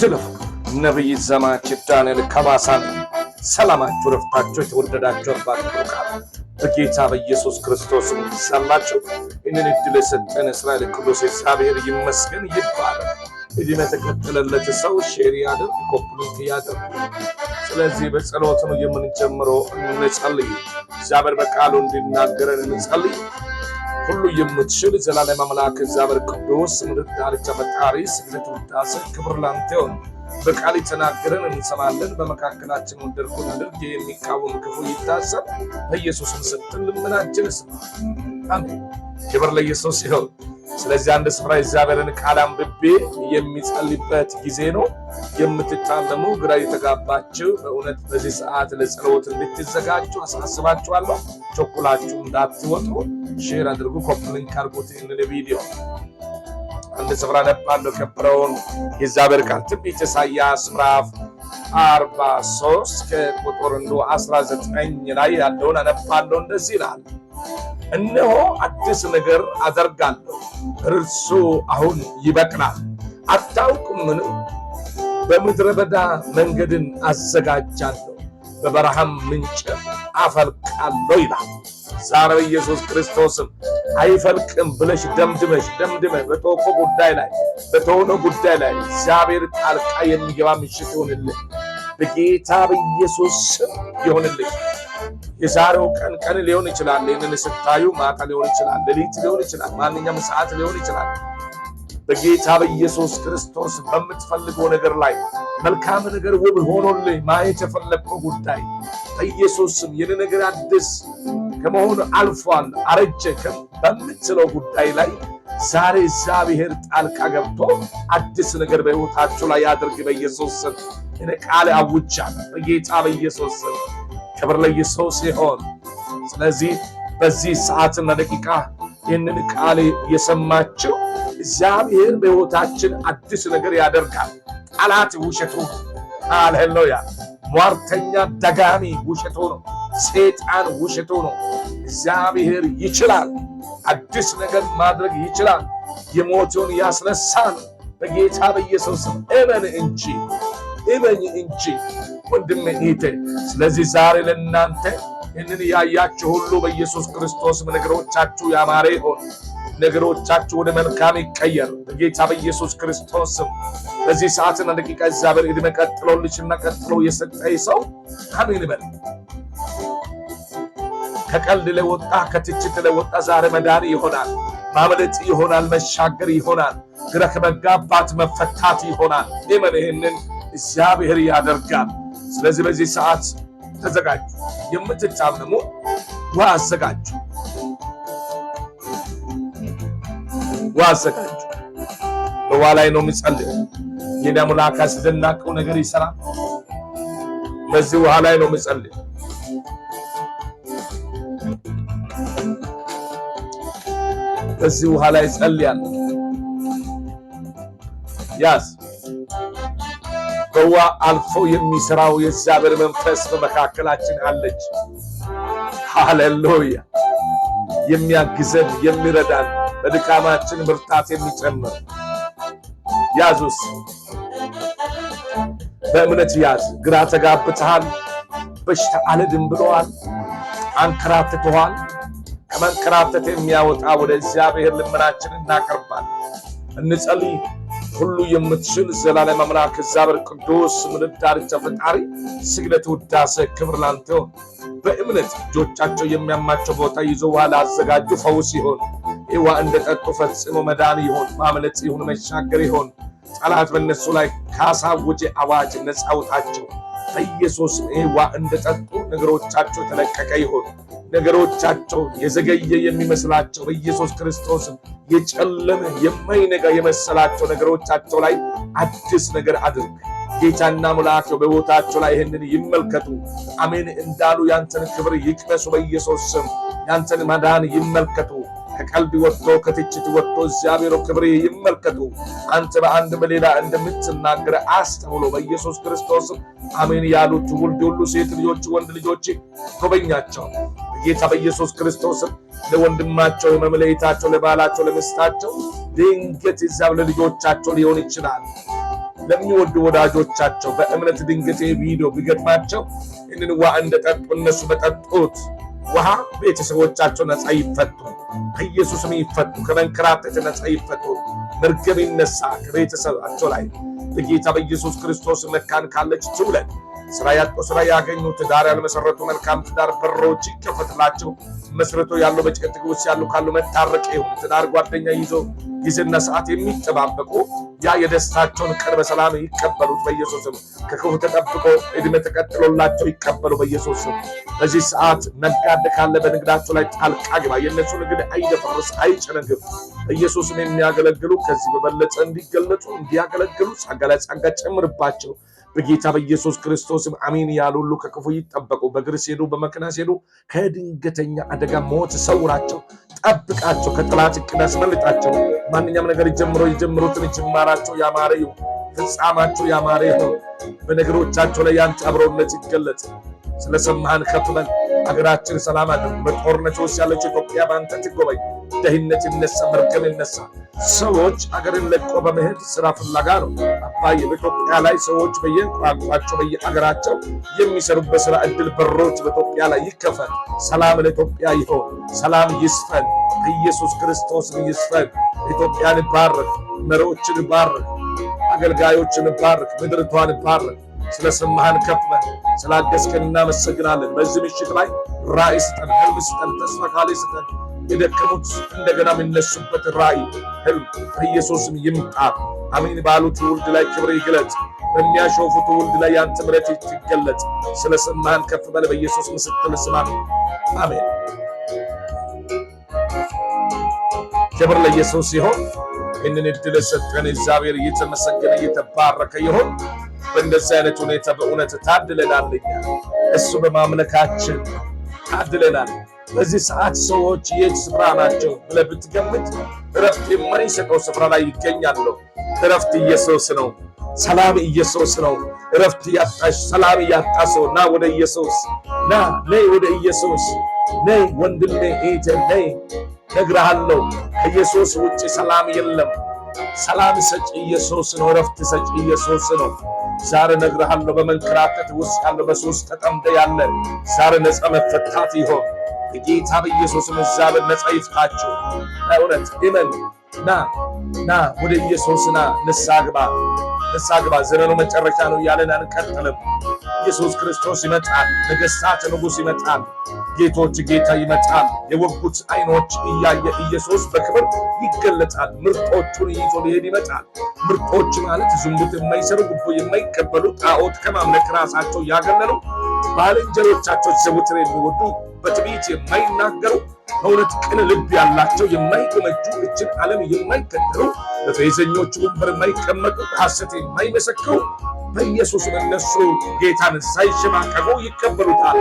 ዝለፉ ነቢይ ዘማች ዳንኤል ከባሳን ሰላማችሁ ረፍታችሁ የተወደዳችሁ አባት ቃል በጌታ በኢየሱስ ክርስቶስ ሳላችሁ ይህንን እድል የሰጠን እስራኤል ቅዱስ እግዚአብሔር ይመስገን ይባል። እዚህ በተከተለለት ሰው ሼር ያድርግ፣ ኮፕሊት ያድርግ። ስለዚህ በጸሎት ነው የምንጀምረው። እንጸልይ፣ እግዚአብሔር በቃሉ እንዲናገረን እንጸልይ። ሁሉ የምትችል ዘላለም አምላክ እግዚአብሔር ቅዱስ ምድር ዳርቻ ፈጣሪ ስግደት፣ ውዳሴ፣ ክብር ላንተ ይሁን። በቃል የተናገረን እንሰማለን። በመካከላችን ወደርኩን አድርግ የሚቃወም ክፉ ይታሰብ። በኢየሱስ ምስጥን ልመናችን ስማ። ክብር ለኢየሱስ ይሁን። ስለዚህ አንድ ስፍራ የእግዚአብሔርን ቃል አንብቤ የሚጸልይበት ጊዜ ነው። የምትታመሙ ግራ የተጋባችሁ በእውነት በዚህ ሰዓት ለጸሎት እንድትዘጋጁ አሳስባችኋለሁ። ቸኩላችሁ እንዳትወጡ ሼር አድርጉ፣ ኮፕሊንክ አድርጉት ይህንን ቪዲዮ። አንድ ስፍራ ነባለሁ የከበረውን የእግዚአብሔር ቃል ትንቢተ ኢሳይያስ ምዕራፍ አርባ ሶስት ከቁጥር እንዶ 19 ላይ ያለውን አነባለሁ። እንደዚህ ይላል፣ እነሆ አዲስ ነገር አደርጋለሁ እርሱ አሁን ይበቅላል። አታውቁምን? በምድረ በዳ መንገድን አዘጋጃለሁ፣ በበረሃም ምንጭ አፈልቃለሁ ይላል። ዛሬ ኢየሱስ ክርስቶስም አይፈልቅም ብለሽ ደምድመሽ ደምድመ በተወቆ ጉዳይ ላይ በተሆነ ጉዳይ ላይ እግዚአብሔር ጣልቃ የሚገባ ምሽት ይሆንልህ፣ በጌታ በኢየሱስ ስም ይሆንልሽ። የዛሬው ቀን ቀን ሊሆን ይችላል። ይህንን ስታዩ ማታ ሊሆን ይችላል፣ ሌሊት ሊሆን ይችላል፣ ማንኛውም ሰዓት ሊሆን ይችላል። በጌታ በኢየሱስ ክርስቶስ በምትፈልገው ነገር ላይ መልካም ነገር ውብ ሆኖልህ ማየት የፈለግከው ጉዳይ በኢየሱስም ይህን ነገር አዲስ ከመሆኑ አልፏል አረጀ በምትለው ጉዳይ ላይ ዛሬ እግዚአብሔር ጣልቃ ገብቶ አዲስ ነገር በሕይወታችሁ ላይ ያድርግ። በኢየሱስ ስም እኔ ቃል አውጃለሁ። በጌታ በኢየሱስ ስም ክብር ለኢየሱስ ሲሆን፣ ስለዚህ በዚህ ሰዓትና ደቂቃ ይህንን ቃል እየሰማችው እግዚአብሔር በሕይወታችን አዲስ ነገር ያደርጋል። ጠላት ውሸቱ ሃሌሉያ፣ ሟርተኛ ደጋሚ ውሸቱ ነው፣ ሰይጣን ውሸቱ ነው። እግዚአብሔር ይችላል፣ አዲስ ነገር ማድረግ ይችላል። የሞቱን ያስነሳል። በጌታ በኢየሱስ እመን እንጂ እበኝ እንጂ ወንድሜ እህቴ። ስለዚህ ዛሬ ለእናንተ ይህንን ያያችሁ ሁሉ በኢየሱስ ክርስቶስ ነገሮቻችሁ ያማረ ይሆን፣ ነገሮቻችሁ ወደ መልካም ይቀየር በጌታ በኢየሱስ ክርስቶስም። በዚህ ሰዓትና ደቂቃ እግዚአብሔር ዕድሜ ቀጥሎልሽና ቀጥሎ የሰጠኝ ሰው አሜን በል። ከቀልድ ለወጣ ከትችት ለወጣ ዛሬ መዳን ይሆናል፣ ማምለጥ ይሆናል፣ መሻገር ይሆናል፣ ግራ ከመጋባት መፈታት ይሆናል። ይመን ይህንን እግዚአብሔር ያደርጋል። ስለዚህ በዚህ ሰዓት ተዘጋጁ። የምትታመሙ ውሃ አዘጋጁ፣ ውሃ አዘጋጁ። ላይ ነው የሚጸልዩ። ይህ አምላክ ያስደናቀው ነገር ይሰራል። በዚህ ውሃ ላይ ነው የሚጸልዩ በዚህ ውሃ ላይ ጸልያለሁ ያስ በውሃ አልፎ የሚሰራው የእግዚአብሔር መንፈስ በመካከላችን አለች። ሃሌሉያ! የሚያግዘን የሚረዳን፣ በድካማችን ብርታት የሚጨምር ያዙስ፣ በእምነት ያዝ። ግራ ተጋብተሃል፣ በሽታ አልድን ብለዋል፣ አንከራትተዋል። ከመንከራተት የሚያወጣ ወደ እግዚአብሔር ልመናችን እናቀርባል፣ እንጸልይ። ሁሉ የምትችል ዘላለም አምላክ እግዚአብሔር ቅዱስ ምድር ዳርቻ ፈጣሪ ስግደት፣ ውዳሴ፣ ክብር ላንተ። በእምነት እጆቻቸው የሚያማቸው ቦታ ይዞ ውሃ አዘጋጁ ፈውስ ይሆን። ይዋ ጠጡ ፈጽሞ መዳን ይሆን። ማምለጥ ይሁን፣ መሻገር ይሆን። ጠላት በእነሱ ላይ ካሳውጅ አዋጅ ነፃ አውጣቸው። በኢየሱስ ይዋ ጠጡ ነገሮቻቸው የተለቀቀ ይሆን። ነገሮቻቸው የዘገየ የሚመስላቸው በኢየሱስ ክርስቶስ የጨለመ የማይነጋ የመሰላቸው ነገሮቻቸው ላይ አዲስ ነገር አድርግ። ጌታና ሙላቸው በቦታቸው ላይ ይህንን ይመልከቱ። አሜን እንዳሉ ያንተን ክብር ይቅመሱ። በኢየሱስ ስም ያንተን መዳን ይመልከቱ። ከቀልድ ወጥቶ ከትችት ወጥቶ እግዚአብሔር ክብር ይመልከቱ። አንተ በአንድ በሌላ እንደምትናገረ አስተውሎ በኢየሱስ ክርስቶስ አሜን ያሉ ትውልድ ሁሉ ሴት ልጆች፣ ወንድ ልጆች ጎበኛቸው ጌታ በኢየሱስ ክርስቶስ ለወንድማቸው ለመምለይታቸው ለባላቸው፣ ለሚስታቸው ድንገት እዚያም ለልጆቻቸው ሊሆን ይችላል ለሚወዱ ወዳጆቻቸው በእምነት ድንገት ቪዲዮ ቢገጥማቸው ይህንን ውሃ እንደጠጡ እነሱ በጠጡት ውሃ ቤተሰቦቻቸው ነፃ ይፈቱ። በኢየሱስም ይፈቱ፣ ከመንከራተትነት ይፈቱ። መርገም ይነሳ ከቤተሰባቸው ላይ በጌታ በኢየሱስ ክርስቶስ መካን ካለች ትውለድ ስራ ያጡ ስራ ያገኙ፣ ትዳር ያልመሰረቱ መልካም ትዳር በሮች ይከፈትላቸው። መስርቶ ያሉ በጭቅት ውስጥ ያሉ ካሉ መታረቅ ይሁን። ትዳር ጓደኛ ይዞ ጊዜና ሰዓት የሚጠባበቁ ያ የደስታቸውን ቀን በሰላም ይቀበሉት በኢየሱስም። ከክፉ ተጠብቆ እድሜ ተቀጥሎላቸው ይቀበሉ በኢየሱስም። በዚህ ሰዓት ነጋዴ ካለ በንግዳቸው ላይ ጣልቃ ግባ። የእነሱ ንግድ አይደፈርስ፣ አይጨነግፍ። በኢየሱስም የሚያገለግሉ ከዚህ በበለጠ እንዲገለጹ እንዲያገለግሉ ጸጋ ላይ ጸጋ ጨምርባቸው። በጌታ በኢየሱስ ክርስቶስ አሜን። ያሉ ሁሉ ከክፉ ይጠበቁ። በእግር ሲሄዱ በመኪና ሲሄዱ ከድንገተኛ አደጋ ሞት ሰውራቸው፣ ጠብቃቸው፣ ከጥላት እቅድ አስመልጣቸው። ማንኛውም ነገር ጀምሮ የጀምሩትን ጅማራቸው ያማረ ይሁን፣ ፍጻማቸው ያማረ ይሁን። በነገሮቻቸው ላይ ያንተ አብሮነት ይገለጽ። ስለሰማህን ከፍለን ሀገራችን ሰላም አድርግ። በጦርነት ውስጥ ያለችው ኢትዮጵያ በአንተ ትጎበኝ። ደህንነት ይነሳ፣ መርገም ይነሳ። ሰዎች አገርን ለቆ በመሄድ ስራ ፍላጋ ነው። አባዬ በኢትዮጵያ ላይ ሰዎች በየቋንቋቸው በየሀገራቸው የሚሰሩበት ስራ እድል በሮች በኢትዮጵያ ላይ ይከፈል። ሰላም ለኢትዮጵያ ይሆን፣ ሰላም ይስፈን፣ ኢየሱስ ክርስቶስ ይስፈን። ኢትዮጵያን ባርክ፣ መሪዎችን ባርክ፣ አገልጋዮችን ባርክ፣ ምድርቷን ባርክ። ስለሰማህን ከፍ በል። ስላገዝከን እናመሰግናለን። በዚህ ምሽት ላይ ራእይ ስጠን፣ ህልም ስጠን፣ ተስፋ ካለ ስጠን። የደከሙት እንደገና የሚነሱበት ራእይ ህልም በኢየሱስም ይምጣ። አሜን ባሉ ትውልድ ላይ ክብር ይግለጥ። በሚያሾፉ ትውልድ ላይ ያንተ ምሕረት ይገለጥ። ስለሰማህን ከፍ በለ በኢየሱስ ምስትል ስማ። አሜን። ክብር ለኢየሱስ ሲሆን ይህንን እድል ሰጠን እግዚአብሔር እየተመሰገነ እየተባረከ ይሆን። በእንደዚህ አይነት ሁኔታ በእውነት ታድለናል። እሱ በማምለካችን ታድለናል። በዚህ ሰዓት ሰዎች የት ስፍራ ናቸው ብለህ ብትገምት እረፍት የማይሰጠው ስፍራ ላይ ይገኛሉ። እረፍት ኢየሱስ ነው። ሰላም ኢየሱስ ነው። እረፍት ያጣሽ፣ ሰላም ያጣ ሰው ና ወደ ኢየሱስ ና፣ ነይ ወደ ኢየሱስ ነይ፣ ወንድሜ እህቴ ነይ። ነግርሃለሁ ከኢየሱስ ውጭ ሰላም የለም። ሰላም ሰጭ ኢየሱስ ነው። እረፍት ሰጭ ኢየሱስ ነው። ዛሬ እነግርሃለሁ፣ በመንከራተት ውስጥ ያለ በሶስት ተጠምደ ያለ ዛሬ ነፃ መፈታት ይሆን በጌታ በኢየሱስ መዛብን ነፃ ይፍታችሁ። እውነት እመን። ና ና፣ ወደ ኢየሱስ ና፣ ንሳግባ ግባ፣ ዘመኑ መጨረሻ ነው እያለን አንቀጥልም። ኢየሱስ ክርስቶስ ይመጣል። ነገሥታት ንጉሥ ይመጣል። ጌቶች ጌታ ይመጣል። የወጉት ዓይኖች እያየ ኢየሱስ በክብር ይገለጣል። ምርጦቹን ይዞ ሊሄድ ይመጣል። ምርጦች ማለት ዝሙት የማይሰሩ ጉቦ የማይቀበሉ ጣዖት ከማምለክ ራሳቸው ያገለሉ ባልንጀሮቻቸው ዘውትር የሚወዱ በትዕቢት የማይናገሩ በእውነት ቅን ልብ ያላቸው የማይገመጁ እችን ዓለም የማይከተሉ በፌዘኞቹ ወንበር የማይቀመጡ ሐሰት የማይመሰክሩ በኢየሱስ እነሱ ጌታን ሳይሸማቀቁ ይከበሩታል።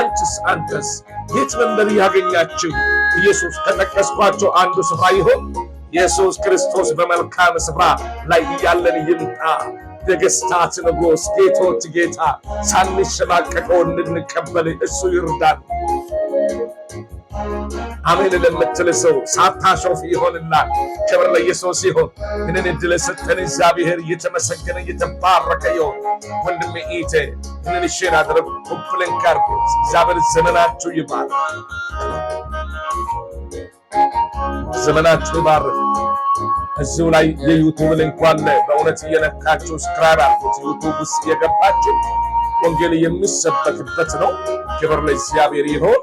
አንቺስ አንተስ የት መንበር ያገኛችሁ? ኢየሱስ ከጠቀስኳቸው አንዱ ስፍራ ይሆን? ኢየሱስ ክርስቶስ በመልካም ስፍራ ላይ እያለን ይምጣ። ነገስታት ንጉስ ጌቶች ጌታ ሳንሸማቀቀው እንድንቀበል እሱ ይርዳል። አሜን ለምትል ሰው ሳታሾፍ ይሆንና ክብር ለኢየሱስ ይሁን። ምንን እድል ሰጠን እግዚአብሔር እየተመሰገነ እየተባረከ ይሁን። ወንድሜ ኢቴ ምንን ሼር አድርግ ሁብለን ቀርብ እግዚአብሔር ዘመናችሁ ይባርክ፣ ዘመናችሁ ይባርክ። እዚሁ ላይ የዩቱብ ሊንኩ አለ። በእውነት እየነካችሁ ስክራይብ አድርጉት። ዩቱብ ውስጥ የገባችሁ ወንጌል የሚሰበክበት ነው። ክብር ለእግዚአብሔር ይሆን።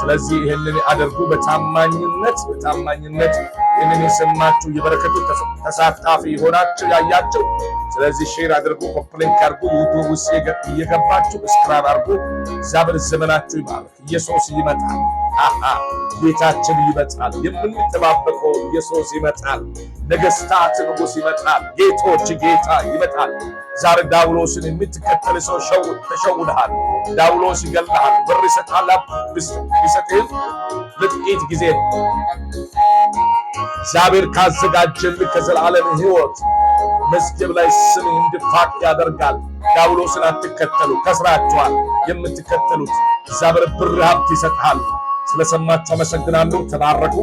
ስለዚህ ይህንን አድርጉ። በታማኝነት በታማኝነት ይህንን የሰማችሁ የበረከቱ ተሳታፊ የሆናችሁ ያያችሁ፣ ስለዚህ ሼር አድርጉ፣ ኮፕሊንክ አድርጉ፣ ዩቱብ ውስጥ እየገባችሁ ስክራይብ አድርጉ። እግዚአብሔር ዘመናችሁ ይባርክ። ኢየሱስ ይመጣል። ጌታችን ይመጣል። የምንጠባበቀው ኢየሱስ ይመጣል። ነገሥታት ንጉስ ይመጣል። ጌቶች ጌታ ይመጣል። ዛሬ ዳውሎስን የምትከተል ሰው ተሸውደሃል። ዳውሎስ ይገልሃል። ብር ይሰጣል፣ ቢሰጥህም ለጥቂት ጊዜ ነው። እግዚአብሔር ካዘጋጀልህ ከዘላለም ህይወት መዝገብ ላይ ስም እንድፋቅ ያደርጋል። ዳውሎስን አትከተሉ፣ ከስራችኋል። የምትከተሉት እግዚአብሔር ብር ሀብት ይሰጥሃል። ስለሰማችሁ አመሰግናለሁ። ተባረኩ።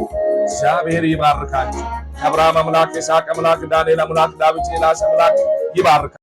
እግዚአብሔር ይባርካችሁ። አብርሃም አምላክ ይስሐቅ አምላክ ዳንኤል አምላክ ዳዊት ኤልያስ አምላክ ይባርካል።